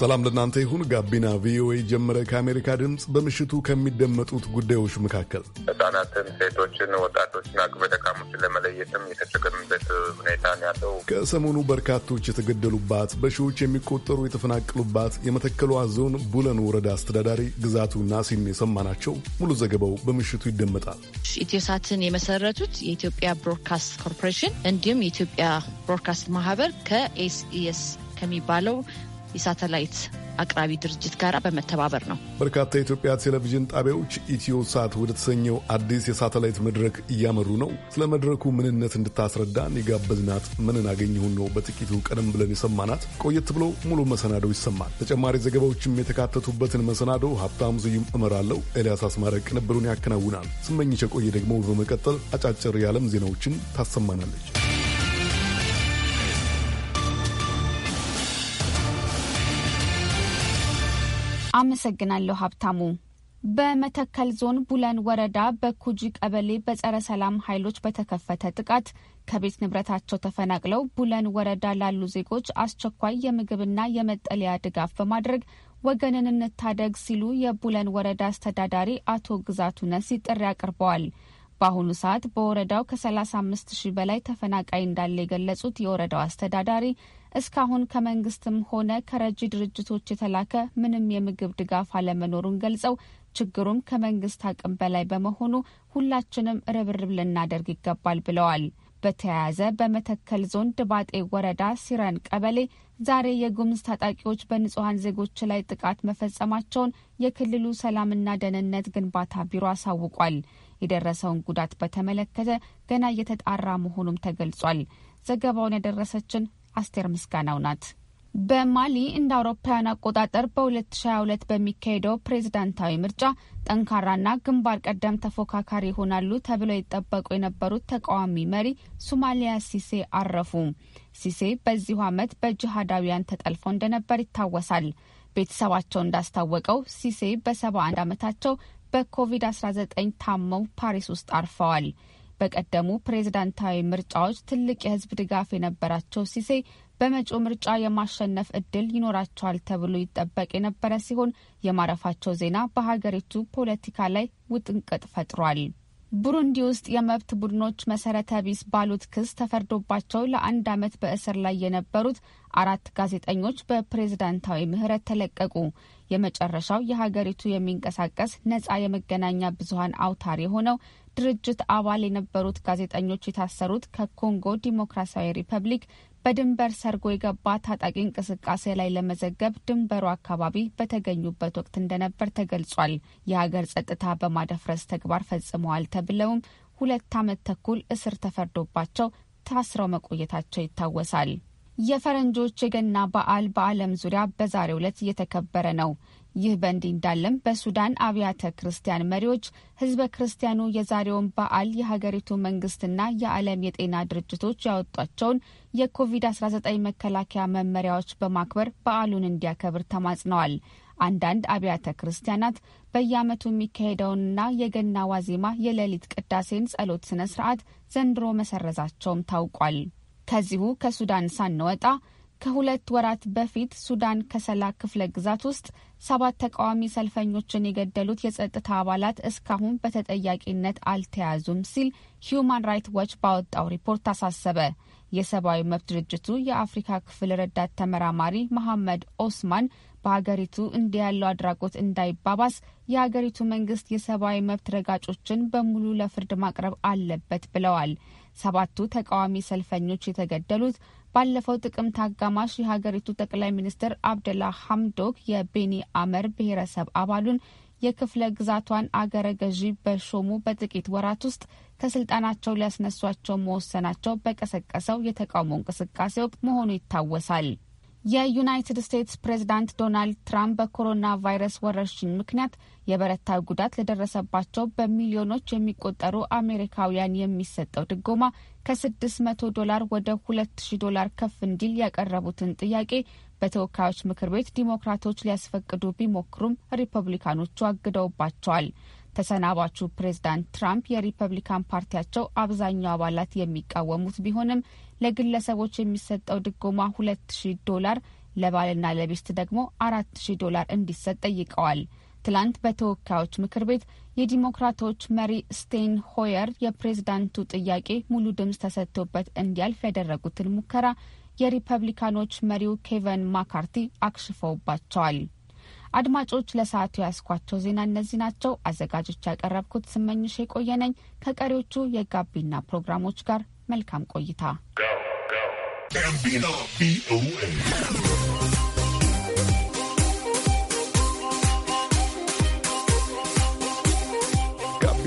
ሰላም ለእናንተ ይሁን። ጋቢና ቪኦኤ ጀመረ። ከአሜሪካ ድምፅ በምሽቱ ከሚደመጡት ጉዳዮች መካከል ሕጻናትን፣ ሴቶችን፣ ወጣቶችን፣ አቅመ ደካሞችን ለመለየትም የተቸገርንበት ሁኔታ ያለው ከሰሞኑ በርካቶች የተገደሉባት በሺዎች የሚቆጠሩ የተፈናቀሉባት የመተከሏ ዞን ቡለን ወረዳ አስተዳዳሪ ግዛቱ ናሲን ናቸው ሙሉ ዘገባው በምሽቱ ይደመጣል። ኢትዮሳትን የመሰረቱት የኢትዮጵያ ብሮድካስት ኮርፖሬሽን እንዲሁም የኢትዮጵያ ብሮድካስት ማህበር ከኤስኢኤስ ከሚባለው የሳተላይት አቅራቢ ድርጅት ጋር በመተባበር ነው። በርካታ የኢትዮጵያ ቴሌቪዥን ጣቢያዎች ኢትዮ ሳት ወደ ተሰኘው አዲስ የሳተላይት መድረክ እያመሩ ነው። ስለ መድረኩ ምንነት እንድታስረዳን የጋበዝናት ምንን አገኘሁን ነው በጥቂቱ ቀደም ብለን የሰማናት። ቆየት ብሎ ሙሉ መሰናዶ ይሰማል። ተጨማሪ ዘገባዎችም የተካተቱበትን መሰናዶ ሀብታም ስዩም እመራለሁ። ኤልያስ አስማረ ቅንብሩን ያከናውናል። ስመኝሸ ቆየ ደግሞ በመቀጠል አጫጭር የዓለም ዜናዎችን ታሰማናለች። አመሰግናለሁ ሀብታሙ። በመተከል ዞን ቡለን ወረዳ በኩጂ ቀበሌ በጸረ ሰላም ኃይሎች በተከፈተ ጥቃት ከቤት ንብረታቸው ተፈናቅለው ቡለን ወረዳ ላሉ ዜጎች አስቸኳይ የምግብና የመጠለያ ድጋፍ በማድረግ ወገንን እንታደግ ሲሉ የቡለን ወረዳ አስተዳዳሪ አቶ ግዛቱ ነሲ ጥሪ አቅርበዋል። በአሁኑ ሰዓት በወረዳው ከ35 ሺህ በላይ ተፈናቃይ እንዳለ የገለጹት የወረዳው አስተዳዳሪ እስካሁን ከመንግስትም ሆነ ከረጂ ድርጅቶች የተላከ ምንም የምግብ ድጋፍ አለመኖሩን ገልጸው ችግሩም ከመንግስት አቅም በላይ በመሆኑ ሁላችንም ርብርብ ልናደርግ ይገባል ብለዋል። በተያያዘ በመተከል ዞን ድባጤ ወረዳ ሲረን ቀበሌ ዛሬ የጉምዝ ታጣቂዎች በንጹሐን ዜጎች ላይ ጥቃት መፈጸማቸውን የክልሉ ሰላምና ደህንነት ግንባታ ቢሮ አሳውቋል። የደረሰውን ጉዳት በተመለከተ ገና እየተጣራ መሆኑም ተገልጿል። ዘገባውን ያደረሰችን አስቴር ምስጋናው ናት። በማሊ እንደ አውሮፓውያን አቆጣጠር በ2022 በሚካሄደው ፕሬዝዳንታዊ ምርጫ ጠንካራና ግንባር ቀደም ተፎካካሪ ይሆናሉ ተብለው ይጠበቁ የነበሩት ተቃዋሚ መሪ ሱማሊያ ሲሴ አረፉ። ሲሴ በዚሁ ዓመት በጅሃዳውያን ተጠልፎ እንደነበር ይታወሳል። ቤተሰባቸው እንዳስታወቀው ሲሴ በ71 ዓመታቸው በኮቪድ-19 ታመው ፓሪስ ውስጥ አርፈዋል። በቀደሙ ፕሬዝዳንታዊ ምርጫዎች ትልቅ የህዝብ ድጋፍ የነበራቸው ሲሴ በመጪው ምርጫ የማሸነፍ እድል ይኖራቸዋል ተብሎ ይጠበቅ የነበረ ሲሆን የማረፋቸው ዜና በሀገሪቱ ፖለቲካ ላይ ውጥንቅጥ ፈጥሯል። ቡሩንዲ ውስጥ የመብት ቡድኖች መሰረተ ቢስ ባሉት ክስ ተፈርዶባቸው ለአንድ ዓመት በእስር ላይ የነበሩት አራት ጋዜጠኞች በፕሬዝዳንታዊ ምህረት ተለቀቁ። የመጨረሻው የሀገሪቱ የሚንቀሳቀስ ነጻ የመገናኛ ብዙሀን አውታር የሆነው ድርጅት አባል የነበሩት ጋዜጠኞች የታሰሩት ከኮንጎ ዲሞክራሲያዊ ሪፐብሊክ በድንበር ሰርጎ የገባ ታጣቂ እንቅስቃሴ ላይ ለመዘገብ ድንበሩ አካባቢ በተገኙበት ወቅት እንደነበር ተገልጿል። የሀገር ጸጥታ በማደፍረስ ተግባር ፈጽመዋል ተብለውም ሁለት ዓመት ተኩል እስር ተፈርዶባቸው ታስረው መቆየታቸው ይታወሳል። የፈረንጆች የገና በዓል በዓለም ዙሪያ በዛሬው ዕለት እየተከበረ ነው። ይህ በእንዲህ እንዳለም በሱዳን አብያተ ክርስቲያን መሪዎች ህዝበ ክርስቲያኑ የዛሬውን በዓል የሀገሪቱ መንግስትና የዓለም የጤና ድርጅቶች ያወጧቸውን የኮቪድ-19 መከላከያ መመሪያዎች በማክበር በዓሉን እንዲያከብር ተማጽነዋል። አንዳንድ አብያተ ክርስቲያናት በየዓመቱ የሚካሄደውንና የገና ዋዜማ የሌሊት ቅዳሴን ጸሎት ስነ ስርዓት ዘንድሮ መሰረዛቸውም ታውቋል። ከዚሁ ከሱዳን ሳንወጣ ከሁለት ወራት በፊት ሱዳን ከሰላ ክፍለ ግዛት ውስጥ ሰባት ተቃዋሚ ሰልፈኞችን የገደሉት የጸጥታ አባላት እስካሁን በተጠያቂነት አልተያዙም ሲል ሂዩማን ራይትስ ዋች ባወጣው ሪፖርት አሳሰበ። የሰብአዊ መብት ድርጅቱ የአፍሪካ ክፍል ረዳት ተመራማሪ መሐመድ ኦስማን በሀገሪቱ እንዲህ ያለው አድራጎት እንዳይባባስ የሀገሪቱ መንግስት የሰብአዊ መብት ረጋጮችን በሙሉ ለፍርድ ማቅረብ አለበት ብለዋል። ሰባቱ ተቃዋሚ ሰልፈኞች የተገደሉት ባለፈው ጥቅምት አጋማሽ የሀገሪቱ ጠቅላይ ሚኒስትር አብደላ ሐምዶክ የቤኒ አመር ብሔረሰብ አባሉን የክፍለ ግዛቷን አገረ ገዢ በሾሙ በጥቂት ወራት ውስጥ ከስልጣናቸው ሊያስነሷቸው መወሰናቸው በቀሰቀሰው የተቃውሞ እንቅስቃሴ ወቅት መሆኑ ይታወሳል። የዩናይትድ ስቴትስ ፕሬዝዳንት ዶናልድ ትራምፕ በኮሮና ቫይረስ ወረርሽኝ ምክንያት የበረታ ጉዳት ለደረሰባቸው በሚሊዮኖች የሚቆጠሩ አሜሪካውያን የሚሰጠው ድጎማ ከ600 ዶላር ወደ 2000 ዶላር ከፍ እንዲል ያቀረቡትን ጥያቄ በተወካዮች ምክር ቤት ዲሞክራቶች ሊያስፈቅዱ ቢሞክሩም ሪፐብሊካኖቹ አግደውባቸዋል። ተሰናባቹ ፕሬዝዳንት ትራምፕ የሪፐብሊካን ፓርቲያቸው አብዛኛው አባላት የሚቃወሙት ቢሆንም ለግለሰቦች የሚሰጠው ድጎማ ሁለት ሺህ ዶላር ለባልና ለቤስት ደግሞ አራት ሺህ ዶላር እንዲሰጥ ጠይቀዋል። ትላንት በተወካዮች ምክር ቤት የዲሞክራቶች መሪ ስቴን ሆየር የፕሬዝዳንቱ ጥያቄ ሙሉ ድምፅ ተሰጥቶበት እንዲያልፍ ያደረጉትን ሙከራ የሪፐብሊካኖች መሪው ኬቨን ማካርቲ አክሽፈውባቸዋል። አድማጮች ለሰዓቱ ያስኳቸው ዜና እነዚህ ናቸው። አዘጋጆች ያቀረብኩት ስመኝሽ የቆየነኝ ከቀሪዎቹ የጋቢና ፕሮግራሞች ጋር መልካም ቆይታ።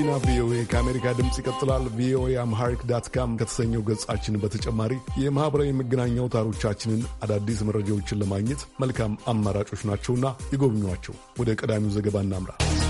ጋቢና ቪኦኤ ከአሜሪካ ድምፅ ይቀጥላል። ቪኦኤ አምሃሪክ ዳት ካም ከተሰኘው ገጻችን በተጨማሪ የማኅበራዊ መገናኛ አውታሮቻችንን አዳዲስ መረጃዎችን ለማግኘት መልካም አማራጮች ናቸውና ይጎብኟቸው። ወደ ቀዳሚው ዘገባ እናምራ።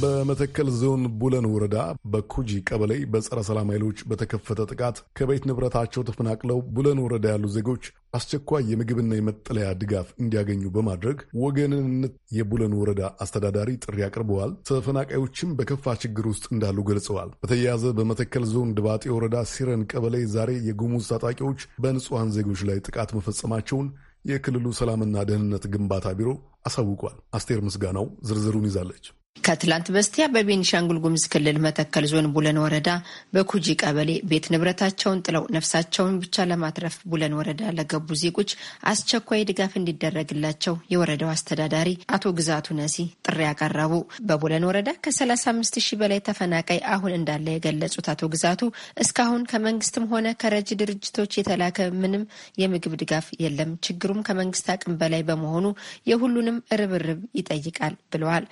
በመተከል ዞን ቡለን ወረዳ በኩጂ ቀበሌ በጸረ ሰላም ኃይሎች በተከፈተ ጥቃት ከቤት ንብረታቸው ተፈናቅለው ቡለን ወረዳ ያሉ ዜጎች አስቸኳይ የምግብና የመጠለያ ድጋፍ እንዲያገኙ በማድረግ ወገንነት የቡለን ወረዳ አስተዳዳሪ ጥሪ አቅርበዋል። ተፈናቃዮችም በከፋ ችግር ውስጥ እንዳሉ ገልጸዋል። በተያያዘ በመተከል ዞን ድባጤ ወረዳ ሲረን ቀበሌ ዛሬ የጉሙዝ ታጣቂዎች በንጹሐን ዜጎች ላይ ጥቃት መፈጸማቸውን የክልሉ ሰላምና ደህንነት ግንባታ ቢሮ አሳውቋል። አስቴር ምስጋናው ዝርዝሩን ይዛለች። ከትላንት በስቲያ በቤኒሻንጉል ጉምዝ ክልል መተከል ዞን ቡለን ወረዳ በኩጂ ቀበሌ ቤት ንብረታቸውን ጥለው ነፍሳቸውን ብቻ ለማትረፍ ቡለን ወረዳ ለገቡ ዜጎች አስቸኳይ ድጋፍ እንዲደረግላቸው የወረዳው አስተዳዳሪ አቶ ግዛቱ ነሲ ጥሪ ያቀረቡ። በቡለን ወረዳ ከ35 ሺህ በላይ ተፈናቃይ አሁን እንዳለ የገለጹት አቶ ግዛቱ እስካሁን ከመንግስትም ሆነ ከረጅ ድርጅቶች የተላከ ምንም የምግብ ድጋፍ የለም፣ ችግሩም ከመንግስት አቅም በላይ በመሆኑ የሁሉንም ርብርብ ይጠይቃል ብለዋል።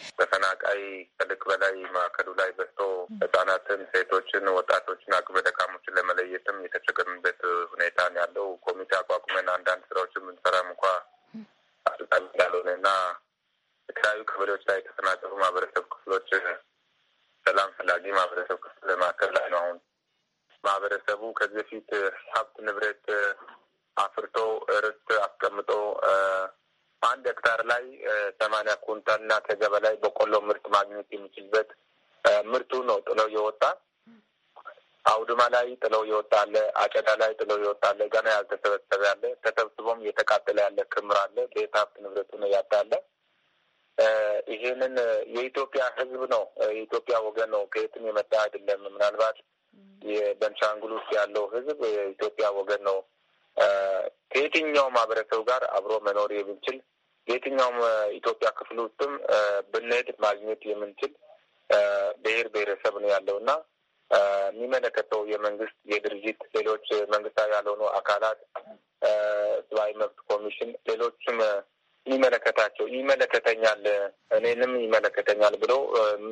ላይ ከልክ በላይ ማዕከሉ ላይ በዝቶ ህጻናትን፣ ሴቶችን፣ ወጣቶችን፣ አቅመ ደካሞችን ለመለየትም የተቸገርንበት ሁኔታ ያለው ኮሚቴ አቋቁመን አንዳንድ ስራዎችን ብንሰራም እንኳ አስልጣሚ እንዳልሆነ እና የተለያዩ ቀበሌዎች ላይ የተሰናጠሩ ማህበረሰብ ክፍሎች ሰላም ፈላጊ ማህበረሰብ ክፍል ማዕከል ላይ ነው አሁን ማህበረሰቡ ከዚህ በፊት ላይ ጥለው ይወጣለ። ገና ያልተሰበሰበ ያለ ተሰብስቦም እየተቃጠለ ያለ ክምር አለ። ቤት ሀብት ንብረቱን እያጣለ ይህንን የኢትዮጵያ ሕዝብ ነው የኢትዮጵያ ወገን ነው ከየትም የመጣ አይደለም። ምናልባት የቤንሻንጉል ውስጥ ያለው ሕዝብ የኢትዮጵያ ወገን ነው። ከየትኛው ማህበረሰብ ጋር አብሮ መኖር የምንችል የትኛውም ኢትዮጵያ ክፍል ውስጥም ብንሄድ ማግኘት የምንችል ብሔር ብሔረሰብ ነው ያለው እና የሚመለከተው የመንግስት የድርጅት ሌሎች መንግስታዊ ያልሆኑ አካላት፣ ሰብአዊ መብት ኮሚሽን፣ ሌሎችም የሚመለከታቸው ይመለከተኛል፣ እኔንም ይመለከተኛል ብሎ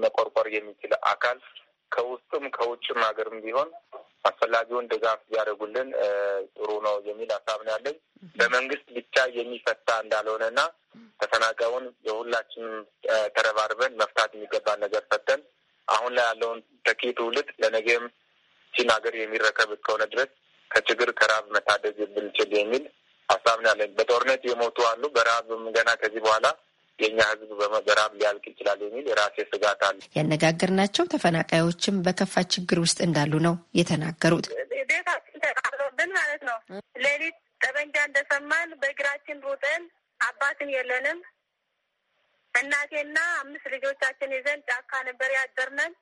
መቆርቆር የሚችል አካል ከውስጡም ከውጭም ሀገርም ቢሆን አስፈላጊውን ድጋፍ ቢያደርጉልን ጥሩ ነው የሚል ሀሳብ ነው ያለኝ። በመንግስት ብቻ የሚፈታ እንዳልሆነና ተፈናቃዩን የሁላችንም ተረባርበን መፍታት የሚገባን ነገር ፈተን አሁን ላይ ያለውን ተኪ ትውልድ ለነገም ቺን ሀገር የሚረከብ እስከሆነ ድረስ ከችግር ከረሀብ መታደግ ብንችል የሚል ሀሳብ ያለን። በጦርነት የሞቱ አሉ። በረሀብም ገና ከዚህ በኋላ የኛ ህዝብ በረሀብ ሊያልቅ ይችላል የሚል የራሴ ስጋት አለ። ያነጋገርናቸው ተፈናቃዮችም በከፋ ችግር ውስጥ እንዳሉ ነው የተናገሩት። ቤታችን ተቃጥሎብን ማለት ነው። ሌሊት ጠበንጃ እንደሰማን በእግራችን ሩጠን አባትን የለንም እናቴና አምስት ልጆቻችን ይዘን ጫካ ነበር ያደርነን።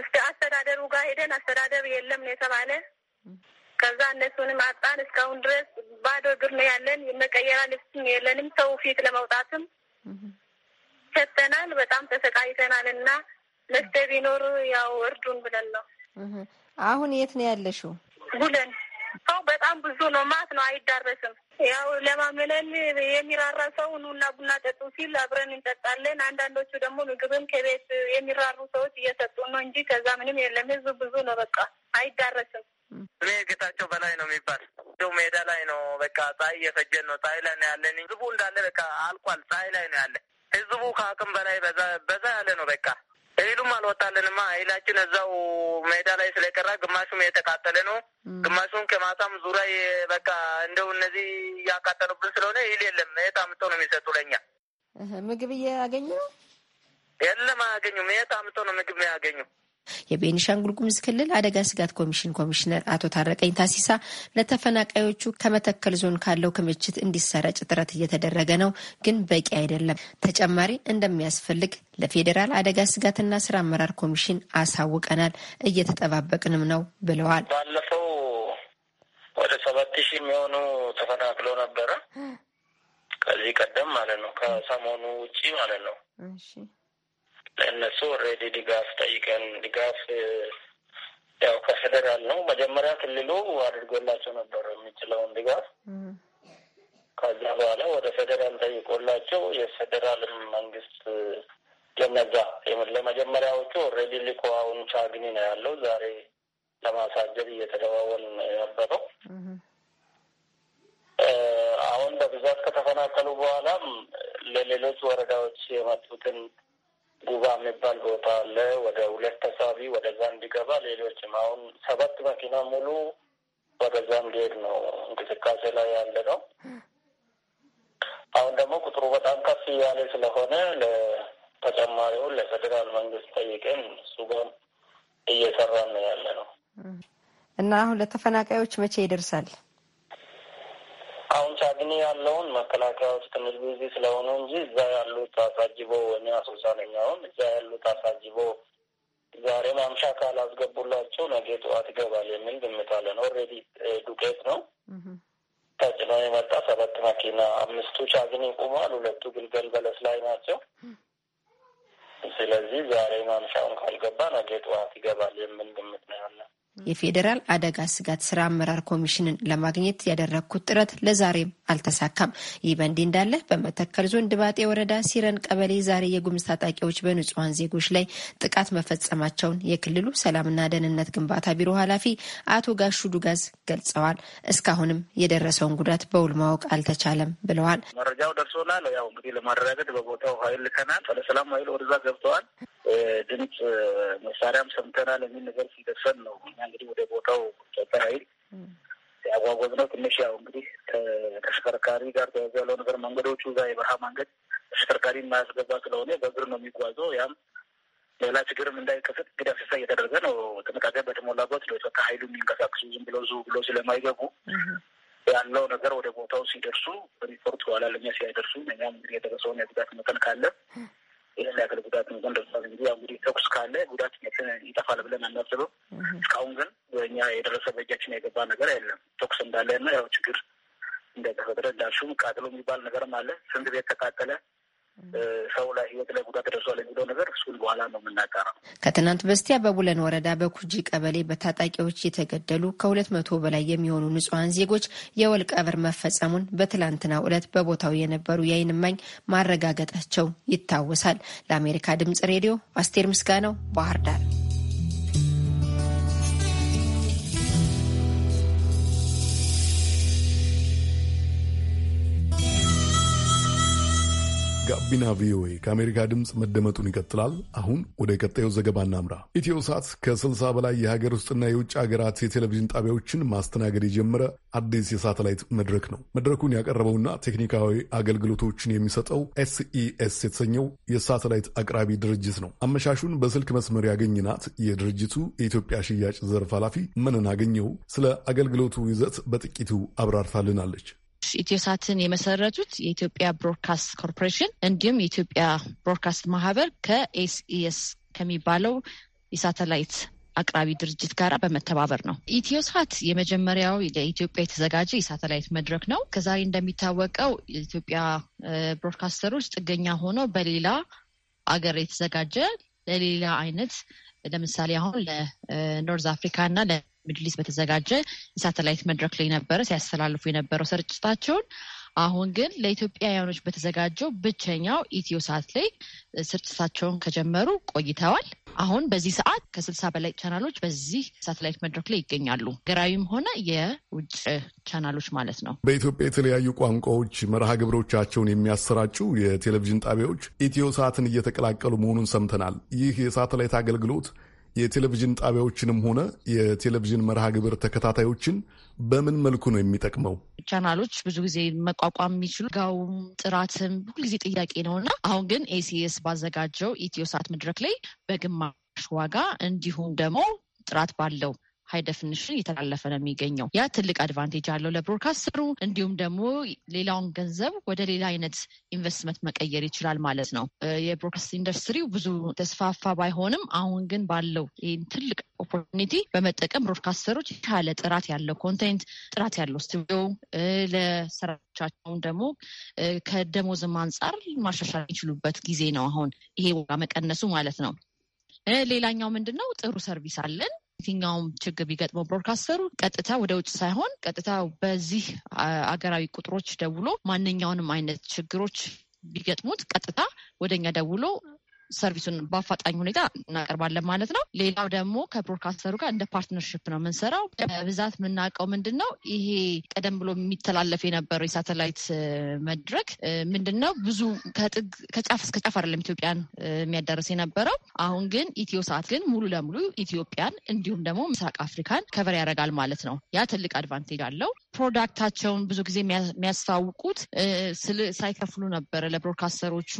እስከ አስተዳደሩ ጋር ሄደን አስተዳደር የለም ነው የተባለ። ከዛ እነሱንም አጣን። እስካሁን ድረስ ባዶ እግር ነው ያለን። የመቀየራ ልብስም የለንም። ሰው ፊት ለመውጣትም ሸተናል። በጣም ተሰቃይተናል። እና መስተ ቢኖር ያው እርዱን ብለን ነው። አሁን የት ነው ያለሽው? ጉለን ሰው በጣም ብዙ ነው። ማት ነው አይዳረስም ያው ለማመለል የሚራራ ሰው ኑና ቡና ጠጡ ሲል አብረን እንጠጣለን። አንዳንዶቹ ደግሞ ምግብም ከቤት የሚራሩ ሰዎች እየሰጡ ነው እንጂ ከዛ ምንም የለም። ህዝብ ብዙ ነው፣ በቃ አይዳረስም። ስሜ ጌታቸው በላይ ነው የሚባል ው ሜዳ ላይ ነው በቃ ፀሐይ እየፈጀን ነው። ፀሐይ ላይ ነው ያለን። ህዝቡ እንዳለ በቃ አልቋል። ፀሐይ ላይ ነው ያለ ህዝቡ ከአቅም በላይ በዛ በዛ ያለ ነው በቃ እህሉም አልወጣልንማ። እህላችን እዛው ሜዳ ላይ ስለቀራ ግማሹም የተቃጠለ ነው፣ ግማሹም ከማሳም ዙሪያ በቃ እንደው እነዚህ እያቃጠሉብን ስለሆነ እህል የለም። የት አምጥቶ ነው የሚሰጡ ለኛ ምግብ እያገኙ የለም? አያገኙም። የት አምጥቶ ነው ምግብ ያገኙ? የቤኒሻንጉል ጉሙዝ ክልል አደጋ ስጋት ኮሚሽን ኮሚሽነር አቶ ታረቀኝ ታሲሳ ለተፈናቃዮቹ ከመተከል ዞን ካለው ክምችት እንዲሰረጭ ጥረት እየተደረገ ነው፣ ግን በቂ አይደለም፣ ተጨማሪ እንደሚያስፈልግ ለፌዴራል አደጋ ስጋትና ስራ አመራር ኮሚሽን አሳውቀናል፣ እየተጠባበቅንም ነው ብለዋል። ባለፈው ወደ ሰባት ሺህ የሚሆኑ ተፈናቅለው ነበረ ከዚህ ቀደም ማለት ነው ከሰሞኑ ውጪ ማለት ነው ለእነሱ ኦልሬዲ ድጋፍ ጠይቀን ድጋፍ ያው ከፌደራል ነው መጀመሪያ ክልሉ አድርጎላቸው ነበር የሚችለውን ድጋፍ። ከዛ በኋላ ወደ ፌደራል ጠይቆላቸው የፌዴራል መንግስት ለነዛ ለመጀመሪያዎቹ ኦልሬዲ ልኮ አሁን ቻግኒ ነው ያለው። ዛሬ ለማሳጀድ እየተደዋወል ነበረው። አሁን በብዛት ከተፈናቀሉ በኋላም ለሌሎች ወረዳዎች የመጡትን ጉባ የሚባል ቦታ አለ። ወደ ሁለት ተሳቢ ወደዛ እንዲገባ ሌሎችም አሁን ሰባት መኪና ሙሉ ወደዛ እንዲሄድ ነው እንቅስቃሴ ላይ ያለ ነው። አሁን ደግሞ ቁጥሩ በጣም ከፍ እያለ ስለሆነ ለተጨማሪውን ለፌዴራል መንግስት ጠይቀን እሱ ጋር እየሰራ ነው ያለ ነው እና አሁን ለተፈናቃዮች መቼ ይደርሳል? አሁን ቻግኒ ያለውን መከላከያ ውስጥ ትንሽ ጊዜ ስለሆነ እንጂ እዛ ያሉት አሳጅቦ እኔ አሶሳ እዛ ያሉት አሳጅቦ ዛሬ ማምሻ ካላስገቡላቸው ነገ ጠዋት ይገባል የሚል ግምት አለን። ኦልሬዲ ዱቄት ነው ተጭኖ የመጣ ሰባት መኪና፣ አምስቱ ቻግኒ ቁሟል፣ ሁለቱ ግልገል በለስ ላይ ናቸው። ስለዚህ ዛሬ ማምሻውን ካልገባ ነገ ጠዋት ይገባል የሚል ግምት ነው ያለን። የፌዴራል አደጋ ስጋት ስራ አመራር ኮሚሽንን ለማግኘት ያደረግኩት ጥረት ለዛሬም አልተሳካም። ይህ በእንዲህ እንዳለ በመተከል ዞን ድባጤ ወረዳ ሲረን ቀበሌ ዛሬ የጉምዝ ታጣቂዎች በንጹሐን ዜጎች ላይ ጥቃት መፈጸማቸውን የክልሉ ሰላምና ደህንነት ግንባታ ቢሮ ኃላፊ አቶ ጋሹ ዱጋዝ ገልጸዋል። እስካሁንም የደረሰውን ጉዳት በውል ማወቅ አልተቻለም ብለዋል። መረጃው ደርሶናል። ያው እንግዲህ ለማረጋገጥ በቦታው ኃይል ልከናል። ሰላም ኃይል ወደዛ ገብተዋል። ድምፅ መሳሪያም ሰምተናል። የሚል ነገር ሲደርሰን ነው እኛ እንግዲህ ወደ ቦታው ኃይል ያጓጓዝ ነው። ትንሽ ያው እንግዲህ ከተሽከርካሪ ጋር ተያዘ ያለው ነገር መንገዶቹ እዛ የበረሃ መንገድ ተሽከርካሪ የማያስገባ ስለሆነ በእግር ነው የሚጓዘው። ያም ሌላ ችግርም እንዳይከሰት እንግዲህ አስሳ እየተደረገ ነው። ጥንቃቄ በተሞላበት ነው የጸጥታ ኃይሉ የሚንቀሳቀሱ ዝም ብለው ዙ ብሎ ስለማይገቡ ያለው ነገር ወደ ቦታው ሲደርሱ ሪፖርት በኋላ ለእኛ ሲያደርሱ እኛም እንግዲህ የደረሰውን የጉዳት መጠን ካለ ይህን ያክል ጉዳት ነው ደርሷል። እንግዲህ ያው እንግዲህ ተኩስ ካለ ጉዳት ይጠፋል ብለን አናስበው። እስካሁን ግን በእኛ የደረሰ በእጃችን የገባ ነገር የለም። ተኩስ እንዳለ እና ያው ችግር እንደተፈጠረ እንዳልሽም ቃጥሎ የሚባል ነገርም አለ። ስንት ቤት ተቃጠለ ሰው ላይ ህይወት ላይ ጉዳት ደርሷል የሚለው ነገር እሱን በኋላ ነው የምናቀረው። ከትናንት በስቲያ በቡለን ወረዳ በኩጂ ቀበሌ በታጣቂዎች የተገደሉ ከሁለት መቶ በላይ የሚሆኑ ንጹሐን ዜጎች የወል ቀብር መፈጸሙን በትላንትናው ዕለት በቦታው የነበሩ የዓይን እማኝ ማረጋገጣቸው ይታወሳል። ለአሜሪካ ድምጽ ሬዲዮ አስቴር ምስጋናው ባህር ዳር። ጋቢና ቪኦኤ ከአሜሪካ ድምፅ መደመጡን ይቀጥላል። አሁን ወደ ቀጣዩ ዘገባ እናምራ። ኢትዮ ሳት ከ60 በላይ የሀገር ውስጥና የውጭ ሀገራት የቴሌቪዥን ጣቢያዎችን ማስተናገድ የጀመረ አዲስ የሳተላይት መድረክ ነው። መድረኩን ያቀረበውና ቴክኒካዊ አገልግሎቶችን የሚሰጠው ኤስኢኤስ የተሰኘው የሳተላይት አቅራቢ ድርጅት ነው። አመሻሹን በስልክ መስመር ያገኝናት የድርጅቱ የኢትዮጵያ ሽያጭ ዘርፍ ኃላፊ መነን አገኘው ስለ አገልግሎቱ ይዘት በጥቂቱ አብራርታልናለች። ኢትዮሳትን የመሰረቱት የኢትዮጵያ ብሮድካስት ኮርፖሬሽን እንዲሁም የኢትዮጵያ ብሮድካስት ማህበር ከኤስኢኤስ ከሚባለው የሳተላይት አቅራቢ ድርጅት ጋር በመተባበር ነው። ኢትዮሳት የመጀመሪያው ለኢትዮጵያ የተዘጋጀ የሳተላይት መድረክ ነው። ከዛሬ እንደሚታወቀው የኢትዮጵያ ብሮድካስተሮች ጥገኛ ሆኖ በሌላ አገር የተዘጋጀ ለሌላ አይነት ለምሳሌ አሁን ለኖርዝ አፍሪካ እና ሚድሊስ በተዘጋጀ የሳተላይት መድረክ ላይ ነበረ ሲያስተላልፉ የነበረው ስርጭታቸውን። አሁን ግን ለኢትዮጵያውያኖች በተዘጋጀው ብቸኛው ኢትዮ ሰዓት ላይ ስርጭታቸውን ከጀመሩ ቆይተዋል። አሁን በዚህ ሰዓት ከስልሳ በላይ ቻናሎች በዚህ ሳተላይት መድረክ ላይ ይገኛሉ። ሀገራዊም ሆነ የውጭ ቻናሎች ማለት ነው። በኢትዮጵያ የተለያዩ ቋንቋዎች መርሃ ግብሮቻቸውን የሚያሰራጩ የቴሌቪዥን ጣቢያዎች ኢትዮ ሰዓትን እየተቀላቀሉ መሆኑን ሰምተናል። ይህ የሳተላይት አገልግሎት የቴሌቪዥን ጣቢያዎችንም ሆነ የቴሌቪዥን መርሃ ግብር ተከታታዮችን በምን መልኩ ነው የሚጠቅመው? ቻናሎች ብዙ ጊዜ መቋቋም የሚችሉ ጋውም ጥራትም ሁልጊዜ ጥያቄ ነው እና አሁን ግን ኤሲኤስ ባዘጋጀው ኢትዮ ሰዓት መድረክ ላይ በግማሽ ዋጋ እንዲሁም ደግሞ ጥራት ባለው ሀይ ደፍንሽን እየተላለፈ ነው የሚገኘው። ያ ትልቅ አድቫንቴጅ አለው ለብሮድካስተሩ። እንዲሁም ደግሞ ሌላውን ገንዘብ ወደ ሌላ አይነት ኢንቨስትመንት መቀየር ይችላል ማለት ነው። የብሮድካስት ኢንዱስትሪው ብዙ ተስፋፋ ባይሆንም አሁን ግን ባለው ይህን ትልቅ ኦፖርቹኒቲ በመጠቀም ብሮድካስተሮች ያለ ጥራት ያለው ኮንቴንት፣ ጥራት ያለው ስቱዲዮ ለሰራቻቸውም ደግሞ ከደሞዝም አንጻር ማሻሻል የሚችሉበት ጊዜ ነው። አሁን ይሄ ዋጋ መቀነሱ ማለት ነው። ሌላኛው ምንድን ነው? ጥሩ ሰርቪስ አለን የትኛውም ችግር ቢገጥመው ብሮድካስተሩ ቀጥታ ወደ ውጭ ሳይሆን ቀጥታ በዚህ አገራዊ ቁጥሮች ደውሎ ማንኛውንም አይነት ችግሮች ቢገጥሙት ቀጥታ ወደኛ ደውሎ ሰርቪሱን በአፋጣኝ ሁኔታ እናቀርባለን ማለት ነው። ሌላው ደግሞ ከብሮድካስተሩ ጋር እንደ ፓርትነርሽፕ ነው የምንሰራው። በብዛት የምናውቀው ምንድን ነው ይሄ ቀደም ብሎ የሚተላለፍ የነበረው የሳተላይት መድረክ ምንድን ነው ብዙ ከጥግ ከጫፍ እስከ ጫፍ አይደለም ኢትዮጵያን የሚያዳርስ የነበረው። አሁን ግን ኢትዮ ሰዓት ግን ሙሉ ለሙሉ ኢትዮጵያን እንዲሁም ደግሞ ምስራቅ አፍሪካን ከቨር ያደርጋል ማለት ነው። ያ ትልቅ አድቫንቴጅ አለው። ፕሮዳክታቸውን ብዙ ጊዜ የሚያስተዋውቁት ሳይከፍሉ ነበረ ለብሮድካስተሮቹ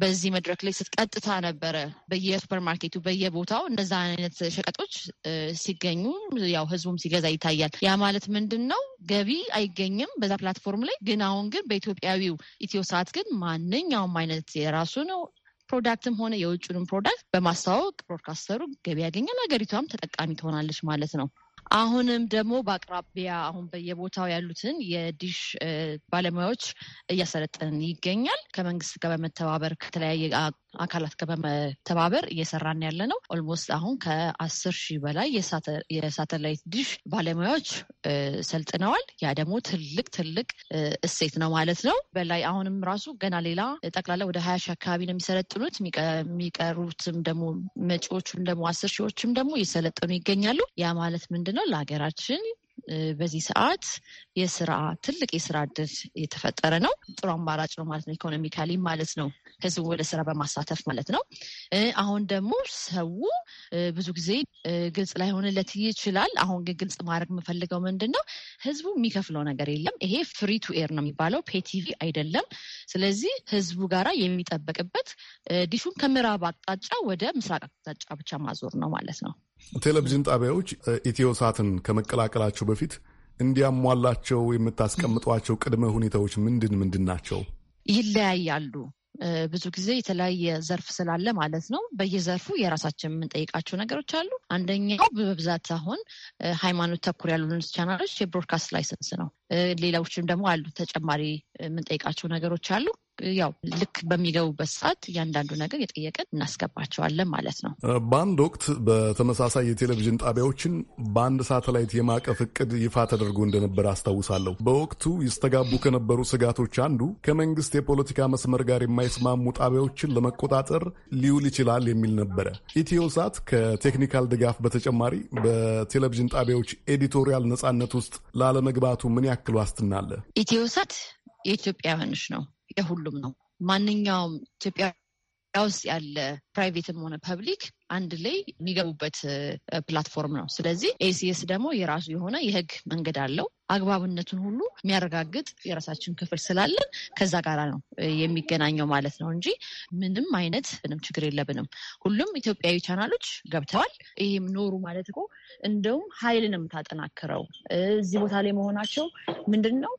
በዚህ መድረክ ላይ ስትቀጥ ገጽታ ነበረ። በየሱፐር ማርኬቱ በየቦታው እንደዛ አይነት ሸቀጦች ሲገኙ ያው ህዝቡም ሲገዛ ይታያል። ያ ማለት ምንድን ነው? ገቢ አይገኝም በዛ ፕላትፎርም ላይ ግን አሁን ግን በኢትዮጵያዊው ኢትዮ ሰዓት ግን ማንኛውም አይነት የራሱ ነው ፕሮዳክትም ሆነ የውጭንም ፕሮዳክት በማስተዋወቅ ብሮድካስተሩ ገቢ ያገኛል። ሀገሪቷም ተጠቃሚ ትሆናለች ማለት ነው። አሁንም ደግሞ በአቅራቢያ አሁን በየቦታው ያሉትን የዲሽ ባለሙያዎች እያሰለጠን ይገኛል። ከመንግስት ጋር በመተባበር ከተለያየ አካላት ጋር በመተባበር እየሰራን ያለ ነው። ኦልሞስት አሁን ከአስር ሺህ በላይ የሳተላይት ዲሽ ባለሙያዎች ሰልጥነዋል። ያ ደግሞ ትልቅ ትልቅ እሴት ነው ማለት ነው። በላይ አሁንም ራሱ ገና ሌላ ጠቅላላ ወደ ሀያ ሺህ አካባቢ ነው የሚሰለጥኑት። የሚቀሩትም ደግሞ መጪዎቹም ደግሞ አስር ሺዎችም ደግሞ እየሰለጠኑ ይገኛሉ። ያ ማለት ምንድን ነው ለሀገራችን በዚህ ሰዓት የስራ ትልቅ የስራ እድል የተፈጠረ ነው። ጥሩ አማራጭ ነው ማለት ነው። ኢኮኖሚካሊ ማለት ነው። ህዝቡ ወደ ስራ በማሳተፍ ማለት ነው። አሁን ደግሞ ሰው ብዙ ጊዜ ግልጽ ላይሆንለት ይችላል። አሁን ግን ግልጽ ማድረግ የምፈልገው ምንድን ነው፣ ህዝቡ የሚከፍለው ነገር የለም። ይሄ ፍሪ ቱ ኤር ነው የሚባለው፣ ፔቲቪ አይደለም። ስለዚህ ህዝቡ ጋራ የሚጠበቅበት ዲሹን ከምዕራብ አቅጣጫ ወደ ምስራቅ አቅጣጫ ብቻ ማዞር ነው ማለት ነው። ቴሌቪዥን ጣቢያዎች ሳትን ከመቀላቀላቸው በፊት እንዲያሟላቸው የምታስቀምጧቸው ቅድመ ሁኔታዎች ምንድን ምንድን ናቸው? ይለያያሉ። ብዙ ጊዜ የተለያየ ዘርፍ ስላለ ማለት ነው። በየዘርፉ የራሳችን የምንጠይቃቸው ነገሮች አሉ። አንደኛው በብዛት አሁን ሃይማኖት ተኩር ያሉን ቻናሎች የብሮድካስት ላይሰንስ ነው። ሌላዎችም ደግሞ አሉ ተጨማሪ የምንጠይቃቸው ነገሮች አሉ። ያው ልክ በሚገቡበት ሰዓት እያንዳንዱ ነገር የጠየቀን እናስገባቸዋለን ማለት ነው። በአንድ ወቅት በተመሳሳይ የቴሌቪዥን ጣቢያዎችን በአንድ ሳተላይት የማቀፍ እቅድ ይፋ ተደርጎ እንደነበር አስታውሳለሁ። በወቅቱ ይስተጋቡ ከነበሩ ስጋቶች አንዱ ከመንግስት የፖለቲካ መስመር ጋር የማይስማሙ ጣቢያዎችን ለመቆጣጠር ሊውል ይችላል የሚል ነበረ። ኢትዮ ሳት ከቴክኒካል ድጋፍ በተጨማሪ በቴሌቪዥን ጣቢያዎች ኤዲቶሪያል ነጻነት ውስጥ ላለመግባቱ ምን ያክል ዋስትና አለ? ኢትዮሳት የኢትዮጵያውያኖች ነው። የሁሉም ነው። ማንኛውም ኢትዮጵያ ውስጥ ያለ ፕራይቬትም ሆነ ፐብሊክ አንድ ላይ የሚገቡበት ፕላትፎርም ነው። ስለዚህ ኤሲኤስ ደግሞ የራሱ የሆነ የህግ መንገድ አለው። አግባብነቱን ሁሉ የሚያረጋግጥ የራሳችን ክፍል ስላለን ከዛ ጋር ነው የሚገናኘው ማለት ነው እንጂ ምንም አይነት ምንም ችግር የለብንም። ሁሉም ኢትዮጵያዊ ቻናሎች ገብተዋል። ይህም ኖሩ ማለት እኮ እንደውም ኃይልንም ታጠናክረው እዚህ ቦታ ላይ መሆናቸው ምንድን ነው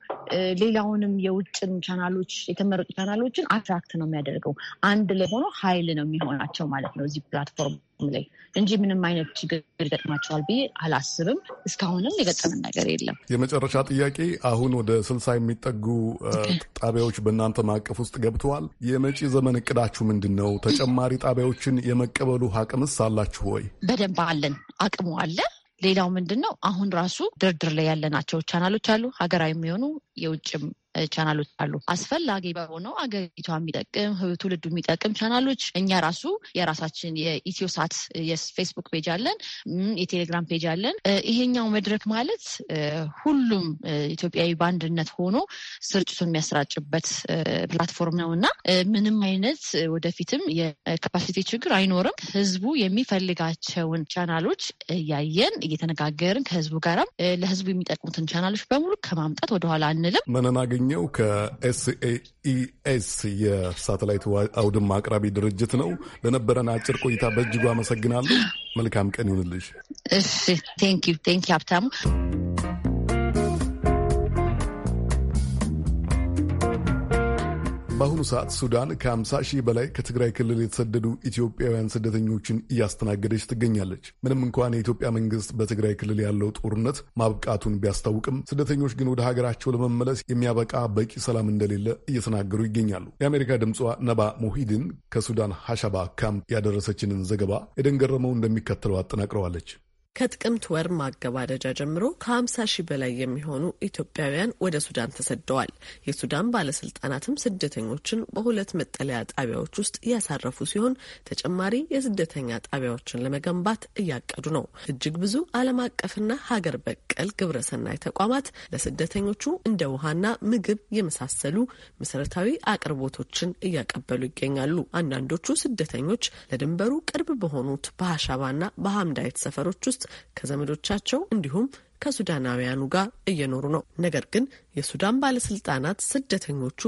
ሌላውንም የውጭን ቻናሎች የተመረጡ ቻናሎችን አትራክት ነው የሚያደርገው። አንድ ላይ ሆኖ ኃይል ነው የሚሆናቸው ማለት ነው እዚህ ፕላትፎርም ላይ እንጂ ምንም አይነት ችግር ይገጥማቸዋል ብዬ አላስብም። እስካሁንም የገጠመ ነገር የለም። የመጨረሻ ጥያቄ፣ አሁን ወደ ስልሳ የሚጠጉ ጣቢያዎች በእናንተ ማዕቀፍ ውስጥ ገብተዋል። የመጪ ዘመን እቅዳችሁ ምንድን ነው? ተጨማሪ ጣቢያዎችን የመቀበሉ አቅምስ አላችሁ ወይ? በደንብ አለን፣ አቅሙ አለ። ሌላው ምንድን ነው? አሁን ራሱ ድርድር ላይ ያለናቸው ቻናሎች አሉ፣ ሀገራዊ የሚሆኑ የውጭም ቻናሎች አሉ። አስፈላጊ በሆነው አገሪቷ የሚጠቅም ትውልዱ የሚጠቅም ቻናሎች እኛ ራሱ የራሳችን የኢትዮ ሳት የፌስቡክ ፔጅ አለን፣ የቴሌግራም ፔጅ አለን። ይሄኛው መድረክ ማለት ሁሉም ኢትዮጵያዊ በአንድነት ሆኖ ስርጭቱ የሚያሰራጭበት ፕላትፎርም ነው እና ምንም አይነት ወደፊትም የካፓሲቲ ችግር አይኖርም። ህዝቡ የሚፈልጋቸውን ቻናሎች እያየን እየተነጋገርን ከህዝቡ ጋራም ለህዝቡ የሚጠቅሙትን ቻናሎች በሙሉ ከማምጣት ወደኋላ አንልም። መነን የተገኘው ከኤስኤኢኤስ የሳተላይት አውድማ አቅራቢ ድርጅት ነው። ለነበረን አጭር ቆይታ በእጅጉ አመሰግናለሁ። መልካም ቀን ይሁንልሽ። እሺ፣ ቴንክ ዩ ቴንክ ዩ ሀብታሙ። በአሁኑ ሰዓት ሱዳን ከ50 ሺህ በላይ ከትግራይ ክልል የተሰደዱ ኢትዮጵያውያን ስደተኞችን እያስተናገደች ትገኛለች። ምንም እንኳን የኢትዮጵያ መንግስት በትግራይ ክልል ያለው ጦርነት ማብቃቱን ቢያስታውቅም ስደተኞች ግን ወደ ሀገራቸው ለመመለስ የሚያበቃ በቂ ሰላም እንደሌለ እየተናገሩ ይገኛሉ። የአሜሪካ ድምፅዋ ነባ ሙሂድን ከሱዳን ሐሻባ ካምፕ ያደረሰችንን ዘገባ የደንገረመው እንደሚከተለው አጠናቅረዋለች። ከጥቅምት ወር ማገባደጃ ጀምሮ ከ50 ሺህ በላይ የሚሆኑ ኢትዮጵያውያን ወደ ሱዳን ተሰደዋል። የሱዳን ባለስልጣናትም ስደተኞችን በሁለት መጠለያ ጣቢያዎች ውስጥ እያሳረፉ ሲሆን ተጨማሪ የስደተኛ ጣቢያዎችን ለመገንባት እያቀዱ ነው። እጅግ ብዙ ዓለም አቀፍና ሀገር በቀል ግብረሰናይ ተቋማት ለስደተኞቹ እንደ ውሃና ምግብ የመሳሰሉ መሰረታዊ አቅርቦቶችን እያቀበሉ ይገኛሉ። አንዳንዶቹ ስደተኞች ለድንበሩ ቅርብ በሆኑት በሀሻባና በሀምዳይት ሰፈሮች ውስጥ ከዘመዶቻቸው እንዲሁም ከሱዳናውያኑ ጋር እየኖሩ ነው። ነገር ግን የሱዳን ባለስልጣናት ስደተኞቹ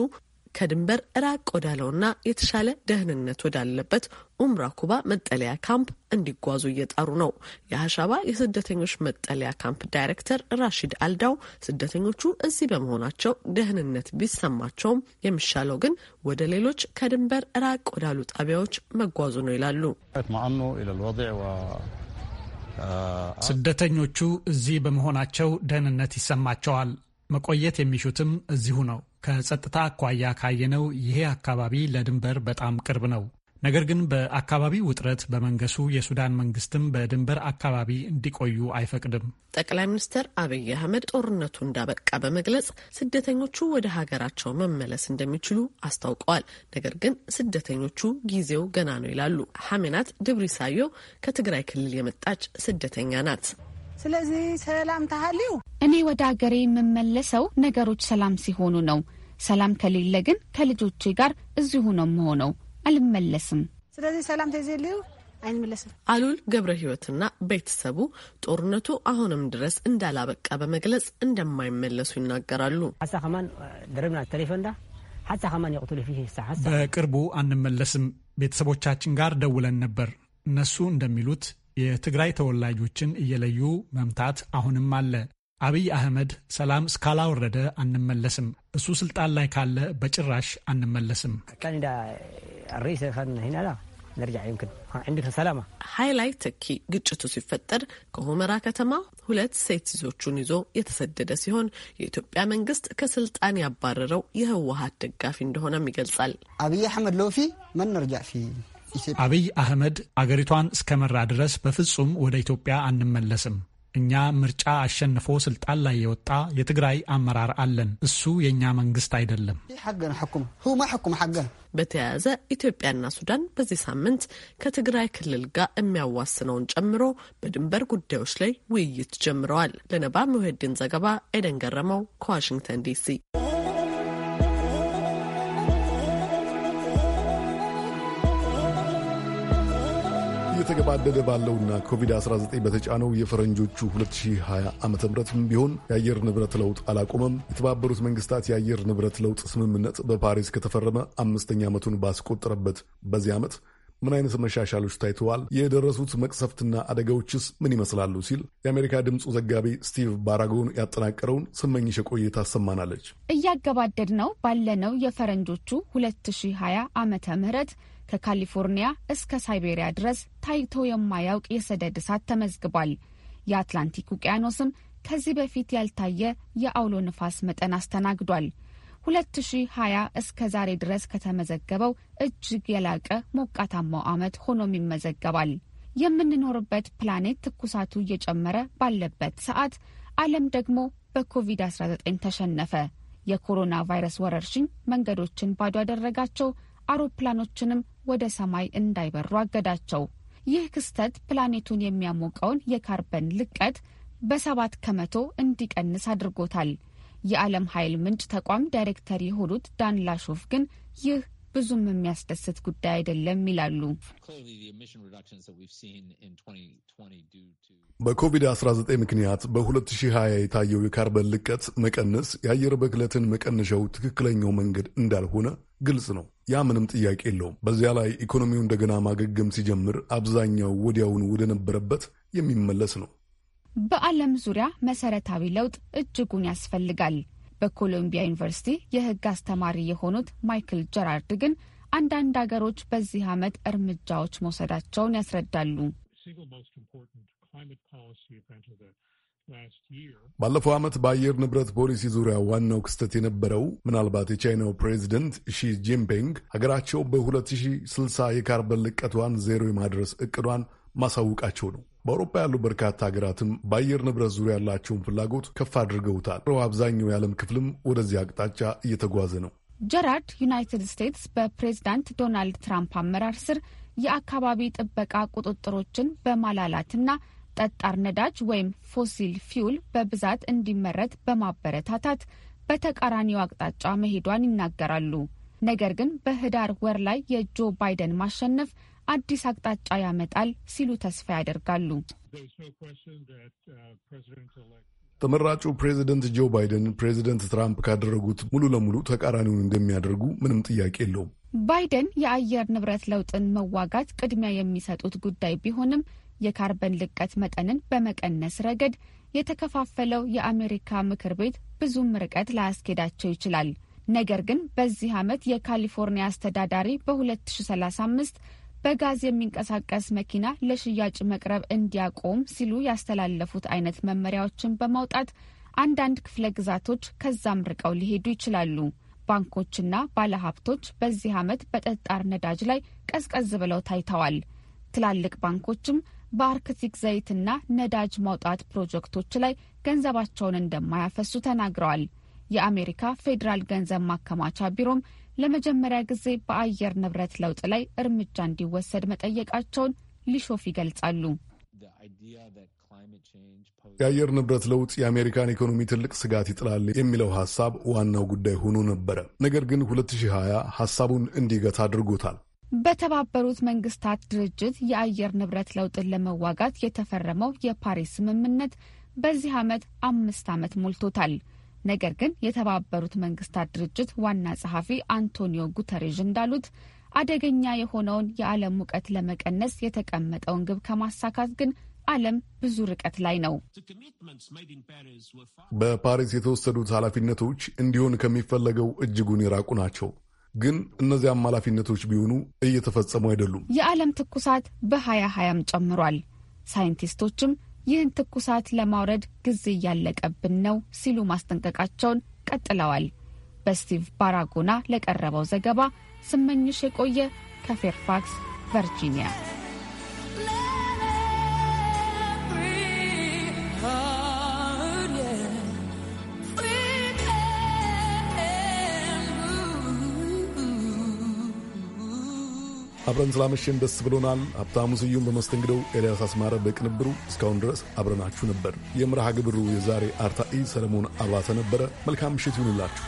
ከድንበር ራቅ ወዳለውና የተሻለ ደህንነት ወዳለበት ኡምራ ኩባ መጠለያ ካምፕ እንዲጓዙ እየጣሩ ነው። የአሻባ የስደተኞች መጠለያ ካምፕ ዳይሬክተር ራሺድ አልዳው ስደተኞቹ እዚህ በመሆናቸው ደህንነት ቢሰማቸውም የሚሻለው ግን ወደ ሌሎች ከድንበር ራቅ ወዳሉ ጣቢያዎች መጓዙ ነው ይላሉ። ስደተኞቹ እዚህ በመሆናቸው ደህንነት ይሰማቸዋል። መቆየት የሚሹትም እዚሁ ነው። ከጸጥታ አኳያ ካየነው ይሄ አካባቢ ለድንበር በጣም ቅርብ ነው። ነገር ግን በአካባቢው ውጥረት በመንገሱ የሱዳን መንግስትም በድንበር አካባቢ እንዲቆዩ አይፈቅድም። ጠቅላይ ሚኒስትር አብይ አህመድ ጦርነቱ እንዳበቃ በመግለጽ ስደተኞቹ ወደ ሀገራቸው መመለስ እንደሚችሉ አስታውቀዋል። ነገር ግን ስደተኞቹ ጊዜው ገና ነው ይላሉ። ሀሜናት ድብሪ ሳዮ ከትግራይ ክልል የመጣች ስደተኛ ናት። ስለዚህ ሰላም ታሃልዩ እኔ ወደ ሀገሬ የምመለሰው ነገሮች ሰላም ሲሆኑ ነው። ሰላም ከሌለ ግን ከልጆቼ ጋር እዚሁ ነው የምሆነው። አልመለስም። ስለዚህ ሰላም ተዘልዩ አይንመለስም አሉል ገብረ ህይወትና ቤተሰቡ ጦርነቱ አሁንም ድረስ እንዳላበቃ በመግለጽ እንደማይመለሱ ይናገራሉ። በቅርቡ አንመለስም። ቤተሰቦቻችን ጋር ደውለን ነበር። እነሱ እንደሚሉት የትግራይ ተወላጆችን እየለዩ መምታት አሁንም አለ። አብይ አህመድ ሰላም እስካላወረደ አንመለስም፣ እሱ ስልጣን ላይ ካለ በጭራሽ አንመለስም። ሃይላይ ተኪ ግጭቱ ሲፈጠር ከሆመራ ከተማ ሁለት ሴት ልጆቹን ይዞ የተሰደደ ሲሆን የኢትዮጵያ መንግስት ከስልጣን ያባረረው የህወሀት ደጋፊ እንደሆነም ይገልጻል። አብይ አህመድ ሎፊ መን ፊ አብይ አህመድ አገሪቷን እስከመራ ድረስ በፍጹም ወደ ኢትዮጵያ አንመለስም እኛ ምርጫ አሸንፎ ስልጣን ላይ የወጣ የትግራይ አመራር አለን። እሱ የእኛ መንግስት አይደለም። በተያያዘ ኢትዮጵያና ሱዳን በዚህ ሳምንት ከትግራይ ክልል ጋር የሚያዋስነውን ጨምሮ በድንበር ጉዳዮች ላይ ውይይት ጀምረዋል። ለነባ መሄድን ዘገባ ኤደን ገረመው ከዋሽንግተን ዲሲ እየተገባደደ ባለውና ኮቪድ-19 በተጫነው የፈረንጆቹ 2020 ዓ ም ቢሆን የአየር ንብረት ለውጥ አላቆመም። የተባበሩት መንግስታት የአየር ንብረት ለውጥ ስምምነት በፓሪስ ከተፈረመ አምስተኛ ዓመቱን ባስቆጠረበት በዚህ ዓመት ምን አይነት መሻሻሎች ታይተዋል? የደረሱት መቅሰፍትና አደጋዎችስ ምን ይመስላሉ? ሲል የአሜሪካ ድምፁ ዘጋቢ ስቲቭ ባራጎን ያጠናቀረውን ስመኝሽ ቆየ ታሰማናለች። እያገባደድ ነው ባለነው የፈረንጆቹ 2020 ዓመተ ምህረት ከካሊፎርኒያ እስከ ሳይቤሪያ ድረስ ታይቶ የማያውቅ የሰደድ እሳት ተመዝግቧል። የአትላንቲክ ውቅያኖስም ከዚህ በፊት ያልታየ የአውሎ ንፋስ መጠን አስተናግዷል። 2020 እስከ ዛሬ ድረስ ከተመዘገበው እጅግ የላቀ ሞቃታማው ዓመት ሆኖም ይመዘገባል። የምንኖርበት ፕላኔት ትኩሳቱ እየጨመረ ባለበት ሰዓት ዓለም ደግሞ በኮቪድ-19 ተሸነፈ። የኮሮና ቫይረስ ወረርሽኝ መንገዶችን ባዶ ያደረጋቸው፣ አውሮፕላኖችንም ወደ ሰማይ እንዳይበሩ አገዳቸው። ይህ ክስተት ፕላኔቱን የሚያሞቀውን የካርበን ልቀት በሰባት ከመቶ እንዲቀንስ አድርጎታል። የዓለም ኃይል ምንጭ ተቋም ዳይሬክተር የሆኑት ዳን ላሾፍ ግን ይህ ብዙም የሚያስደስት ጉዳይ አይደለም ይላሉ። በኮቪድ-19 ምክንያት በ2020 የታየው የካርበን ልቀት መቀነስ የአየር ብክለትን መቀነሻው ትክክለኛው መንገድ እንዳልሆነ ግልጽ ነው። ያ ምንም ጥያቄ የለውም። በዚያ ላይ ኢኮኖሚው እንደገና ማገገም ሲጀምር አብዛኛው ወዲያውን ወደ ነበረበት የሚመለስ ነው። በዓለም ዙሪያ መሰረታዊ ለውጥ እጅጉን ያስፈልጋል። በኮሎምቢያ ዩኒቨርሲቲ የሕግ አስተማሪ የሆኑት ማይክል ጀራርድ ግን አንዳንድ አገሮች በዚህ ዓመት እርምጃዎች መውሰዳቸውን ያስረዳሉ። ባለፈው ዓመት በአየር ንብረት ፖሊሲ ዙሪያ ዋናው ክስተት የነበረው ምናልባት የቻይናው ፕሬዚደንት ሺ ጂንፒንግ ሀገራቸው በ2060 የካርበን ልቀቷን ዜሮ የማድረስ እቅዷን ማሳውቃቸው ነው። በአውሮፓ ያሉ በርካታ ሀገራትም በአየር ንብረት ዙሪያ ያላቸውን ፍላጎት ከፍ አድርገውታል። አብዛኛው የዓለም ክፍልም ወደዚህ አቅጣጫ እየተጓዘ ነው። ጀራርድ ዩናይትድ ስቴትስ በፕሬዚዳንት ዶናልድ ትራምፕ አመራር ስር የአካባቢ ጥበቃ ቁጥጥሮችን በማላላትና ጠጣር ነዳጅ ወይም ፎሲል ፊውል በብዛት እንዲመረት በማበረታታት በተቃራኒው አቅጣጫ መሄዷን ይናገራሉ። ነገር ግን በህዳር ወር ላይ የጆ ባይደን ማሸነፍ አዲስ አቅጣጫ ያመጣል ሲሉ ተስፋ ያደርጋሉ። ተመራጩ ፕሬዚደንት ጆ ባይደን ፕሬዚደንት ትራምፕ ካደረጉት ሙሉ ለሙሉ ተቃራኒውን እንደሚያደርጉ ምንም ጥያቄ የለውም። ባይደን የአየር ንብረት ለውጥን መዋጋት ቅድሚያ የሚሰጡት ጉዳይ ቢሆንም የካርበን ልቀት መጠንን በመቀነስ ረገድ የተከፋፈለው የአሜሪካ ምክር ቤት ብዙም ርቀት ላያስኬዳቸው ይችላል። ነገር ግን በዚህ ዓመት የካሊፎርኒያ አስተዳዳሪ በ2035 በጋዝ የሚንቀሳቀስ መኪና ለሽያጭ መቅረብ እንዲያቆም ሲሉ ያስተላለፉት አይነት መመሪያዎችን በማውጣት አንዳንድ ክፍለ ግዛቶች ከዛም ርቀው ሊሄዱ ይችላሉ። ባንኮችና ባለሀብቶች በዚህ ዓመት በጠጣር ነዳጅ ላይ ቀዝቀዝ ብለው ታይተዋል። ትላልቅ ባንኮችም በአርክቲክ ዘይትና ነዳጅ ማውጣት ፕሮጀክቶች ላይ ገንዘባቸውን እንደማያፈሱ ተናግረዋል። የአሜሪካ ፌዴራል ገንዘብ ማከማቻ ቢሮም ለመጀመሪያ ጊዜ በአየር ንብረት ለውጥ ላይ እርምጃ እንዲወሰድ መጠየቃቸውን ሊሾፍ ይገልጻሉ። የአየር ንብረት ለውጥ የአሜሪካን ኢኮኖሚ ትልቅ ስጋት ይጥላል የሚለው ሐሳብ ዋናው ጉዳይ ሆኖ ነበረ። ነገር ግን 2020 ሐሳቡን እንዲገታ አድርጎታል። በተባበሩት መንግስታት ድርጅት የአየር ንብረት ለውጥን ለመዋጋት የተፈረመው የፓሪስ ስምምነት በዚህ ዓመት አምስት ዓመት ሞልቶታል። ነገር ግን የተባበሩት መንግስታት ድርጅት ዋና ጸሐፊ አንቶኒዮ ጉተሬዥ እንዳሉት አደገኛ የሆነውን የዓለም ሙቀት ለመቀነስ የተቀመጠውን ግብ ከማሳካት ግን ዓለም ብዙ ርቀት ላይ ነው። በፓሪስ የተወሰዱት ኃላፊነቶች እንዲሆን ከሚፈለገው እጅጉን የራቁ ናቸው። ግን እነዚያም አማላፊነቶች ቢሆኑ እየተፈጸሙ አይደሉም። የዓለም ትኩሳት በ2020ም ጨምሯል ሳይንቲስቶችም ይህን ትኩሳት ለማውረድ ጊዜ እያለቀብን ነው ሲሉ ማስጠንቀቃቸውን ቀጥለዋል። በስቲቭ ባራጎና ለቀረበው ዘገባ ስመኝሽ የቆየ ከፌርፋክስ ቨርጂኒያ አብረን ስላመሸን ደስ ብሎናል። ሀብታሙ ስዩም በመስተንግደው፣ ኤልያስ አስማረ በቅንብሩ እስካሁን ድረስ አብረናችሁ ነበር። የምርሃ ግብሩ የዛሬ አርታኢ ሰለሞን አባተ ነበረ። መልካም ምሽት ይሁንላችሁ።